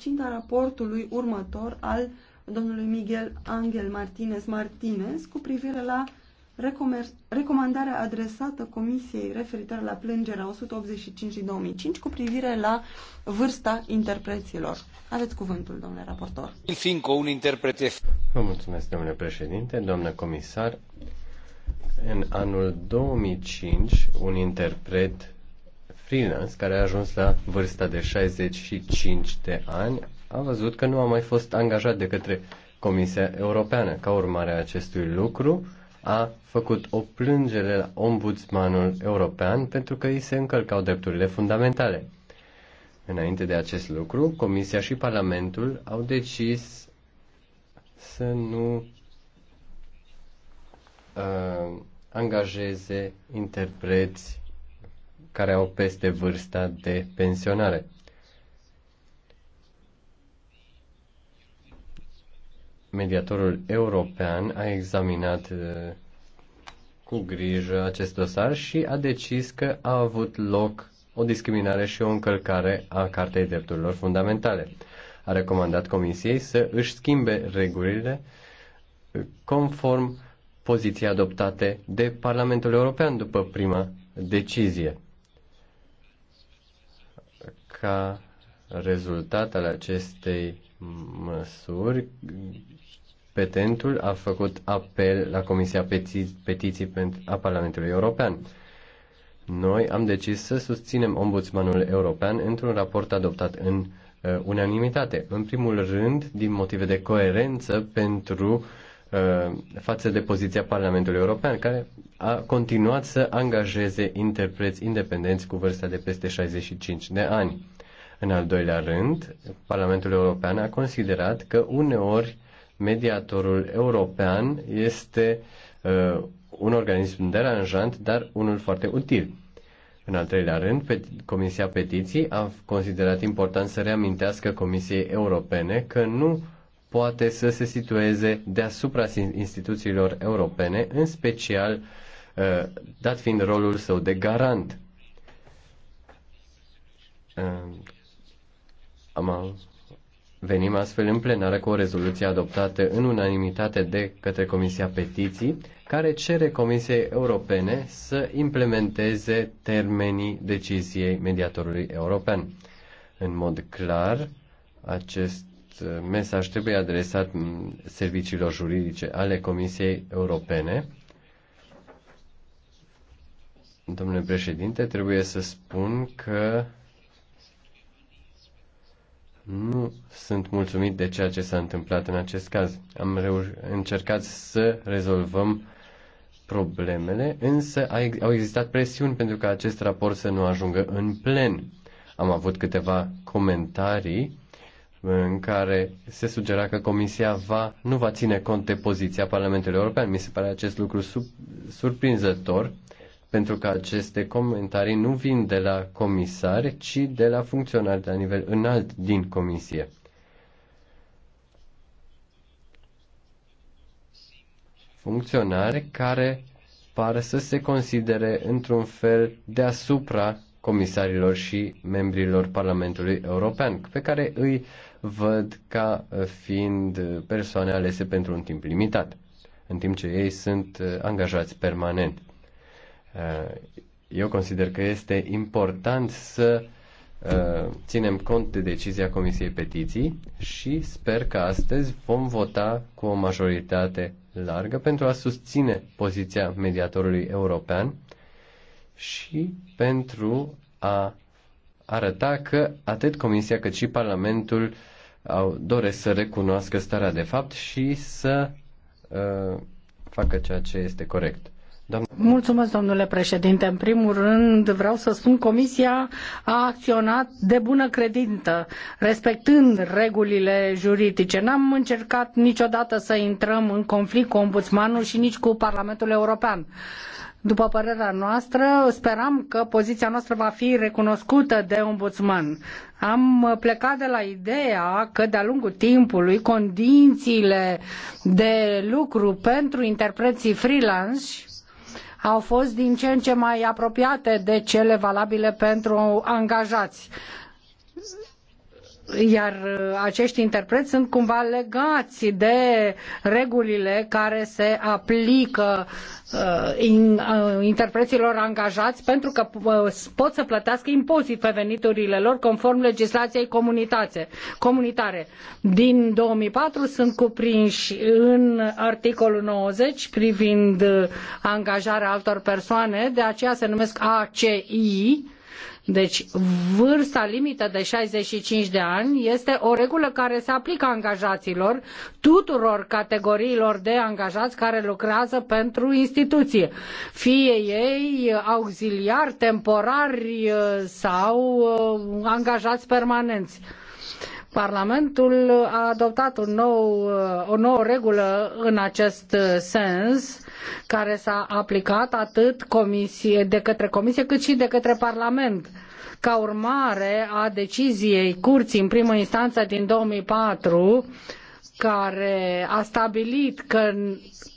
succint raportului următor al domnului Miguel Angel Martinez Martinez cu privire la recomandarea adresată Comisiei referitoare la plângerea 185 2005 cu privire la vârsta interpreților. Aveți cuvântul, domnule raportor. Finco, un interpret. Vă mulțumesc, domnule președinte, domnule comisar. În anul 2005, un interpret Freelance, care a ajuns la vârsta de 65 de ani, a văzut că nu a mai fost angajat de către Comisia Europeană. Ca urmare a acestui lucru, a făcut o plângere la Ombudsmanul European pentru că îi se încălcau drepturile fundamentale. Înainte de acest lucru, Comisia și Parlamentul au decis să nu uh, angajeze interpreți care au peste vârsta de pensionare. Mediatorul european a examinat uh, cu grijă acest dosar și a decis că a avut loc o discriminare și o încălcare a Cartei Drepturilor Fundamentale. A recomandat Comisiei să își schimbe regulile uh, conform poziției adoptate de Parlamentul European după prima decizie ca rezultat al acestei măsuri, petentul a făcut apel la Comisia Petiții, Petiții a Parlamentului European. Noi am decis să susținem Ombudsmanul European într-un raport adoptat în uh, unanimitate. În primul rând, din motive de coerență pentru uh, Uh, față de poziția Parlamentului European, care a continuat să angajeze interpreți independenți cu vârsta de peste 65 de ani. În al doilea rând, Parlamentul European a considerat că uneori mediatorul european este uh, un organism deranjant, dar unul foarte util. În al treilea rând, pe, Comisia Petiții a considerat important să reamintească Comisiei Europene că nu poate să se situeze deasupra instituțiilor europene, în special uh, dat fiind rolul său de garant. Uh, am venim astfel în plenară cu o rezoluție adoptată în unanimitate de către Comisia Petiții, care cere Comisiei Europene să implementeze termenii deciziei mediatorului european. În mod clar, acest Uh, mesaj trebuie adresat mm, serviciilor juridice ale Comisiei Europene. Domnule președinte, trebuie să spun că nu sunt mulțumit de ceea ce s-a întâmplat în acest caz. Am încercat să rezolvăm problemele, însă au existat presiuni pentru ca acest raport să nu ajungă în plen. Am avut câteva comentarii în care se sugera că Comisia va, nu va ține cont de poziția Parlamentului European. Mi se pare acest lucru sub, surprinzător, pentru că aceste comentarii nu vin de la comisari, ci de la funcționari de la nivel înalt din Comisie. Funcționari care par să se considere într-un fel deasupra comisarilor și membrilor Parlamentului European, pe care îi văd ca fiind persoane alese pentru un timp limitat, în timp ce ei sunt uh, angajați permanent. Uh, eu consider că este important să uh, ținem cont de decizia Comisiei Petiții și sper că astăzi vom vota cu o majoritate largă pentru a susține poziția mediatorului european și pentru a arăta că atât Comisia cât și Parlamentul au, doresc să recunoască starea de fapt și să uh, facă ceea ce este corect. Doamne... Mulțumesc, domnule președinte. În primul rând, vreau să spun, Comisia a acționat de bună credință, respectând regulile juridice. N-am încercat niciodată să intrăm în conflict cu ombudsmanul și nici cu Parlamentul European după părerea noastră, speram că poziția noastră va fi recunoscută de ombudsman. Am plecat de la ideea că de-a lungul timpului condițiile de lucru pentru interpreții freelance au fost din ce în ce mai apropiate de cele valabile pentru angajați iar uh, acești interpreți sunt cumva legați de regulile care se aplică uh, uh interpreților angajați pentru că uh, pot să plătească impozit pe veniturile lor conform legislației comunitare. Din 2004 sunt cuprinși în articolul 90 privind angajarea altor persoane, de aceea se numesc ACI, deci vârsta limită de 65 de ani este o regulă care se aplică angajaților, tuturor categoriilor de angajați care lucrează pentru instituție, fie ei auxiliari, temporari uh, sau uh, angajați permanenți Parlamentul a adoptat un nou, o nouă regulă în acest sens, care s-a aplicat atât comisie, de către Comisie cât și de către Parlament ca urmare a deciziei curții în primă instanță din 2004 care a stabilit că,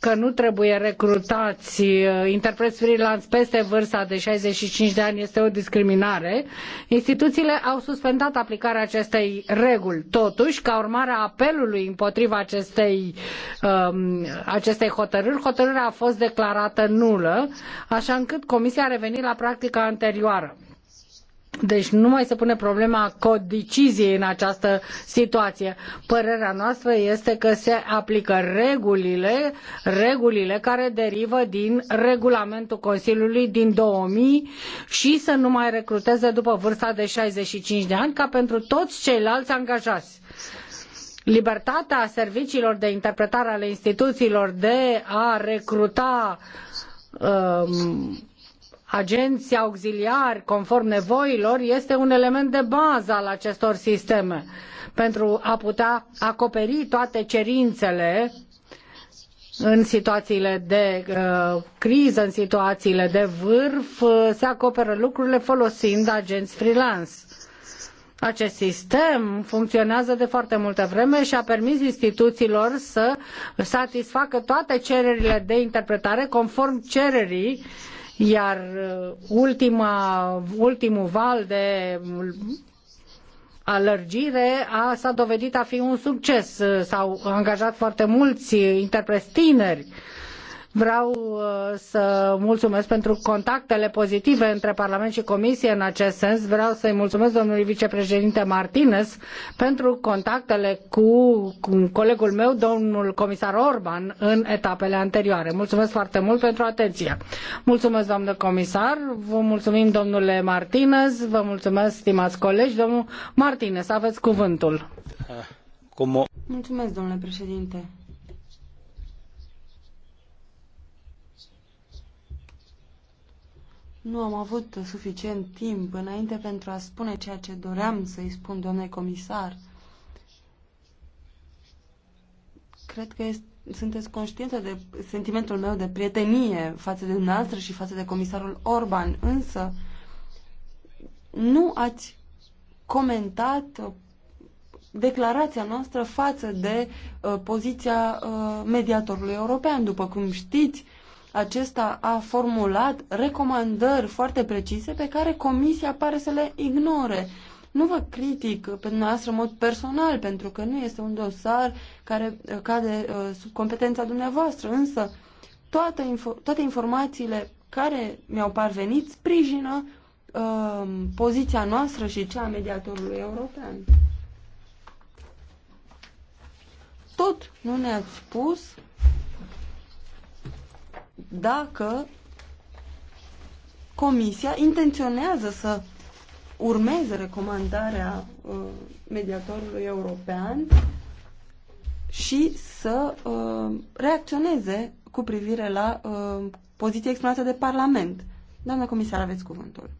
că nu trebuie recrutați uh, interpreți freelance peste vârsta de 65 de ani este o discriminare, instituțiile au suspendat aplicarea acestei reguli. Totuși, ca urmare a apelului împotriva acestei, um, acestei hotărâri, hotărârea a fost declarată nulă, așa încât Comisia a revenit la practica anterioară deci nu mai se pune problema codiciziei în această situație. Părerea noastră este că se aplică regulile, regulile care derivă din regulamentul Consiliului din 2000 și să nu mai recruteze după vârsta de 65 de ani ca pentru toți ceilalți angajați libertatea serviciilor de interpretare ale instituțiilor de a recruta um, agenți auxiliari conform nevoilor este un element de bază al acestor sisteme pentru a putea acoperi toate cerințele în situațiile de uh, criză, în situațiile de vârf, uh, se acoperă lucrurile folosind agenți freelance. Acest sistem funcționează de foarte multă vreme și a permis instituțiilor să satisfacă toate cererile de interpretare conform cererii uh, iar uh, ultima, ultimul val de alărgire a, s-a dovedit a fi un succes. S-au angajat foarte mulți interpreți tineri uh, Vreau uh, să mulțumesc pentru contactele pozitive între Parlament și Comisie în acest sens. Vreau să-i mulțumesc domnului vicepreședinte Martinez pentru contactele cu, colegul meu, domnul comisar Orban, în etapele anterioare. Mulțumesc foarte mult pentru atenție. Mulțumesc, doamnă comisar, vă mulțumim, domnule Martinez, vă mulțumesc, stimați colegi. Domnul Martinez, aveți cuvântul. Mulțumesc, domnule președinte. Nu am avut suficient timp înainte pentru a spune ceea ce doream să-i spun, doamne comisar. Cred că este, sunteți conștientă de sentimentul meu de prietenie față de dumneavoastră și față de comisarul Orban, însă nu ați comentat uh, declarația noastră față de uh, poziția uh, mediatorului european. După cum știți, uh, acesta a formulat recomandări foarte precise pe care Comisia pare să le ignore. Nu vă critic pe dumneavoastră în mod personal, pentru că nu este un dosar care uh, cade uh, sub competența dumneavoastră, însă toate, info- toate informațiile care mi-au parvenit sprijină uh, poziția noastră și cea a mediatorului european. Tot nu ne-ați spus dacă Comisia intenționează să urmeze recomandarea uh, mediatorului european și să uh, reacționeze cu privire la uh, poziția exprimată de Parlament. Doamna comisar, aveți cuvântul.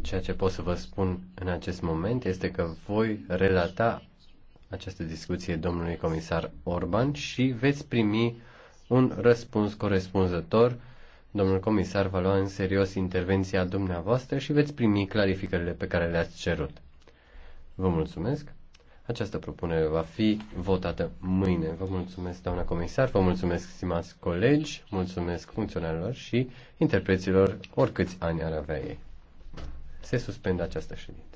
Ceea ce pot să vă spun în acest moment este că voi relata această discuție domnului comisar Orban și veți primi un răspuns corespunzător. Domnul comisar va lua în serios intervenția dumneavoastră și veți primi clarificările pe care le-ați cerut. Vă mulțumesc. Această propunere va fi votată mâine. Vă mulțumesc, doamna comisar, vă mulțumesc, stimați colegi, mulțumesc funcționarilor și interpreților oricâți ani ar avea ei. Se suspendă această ședință.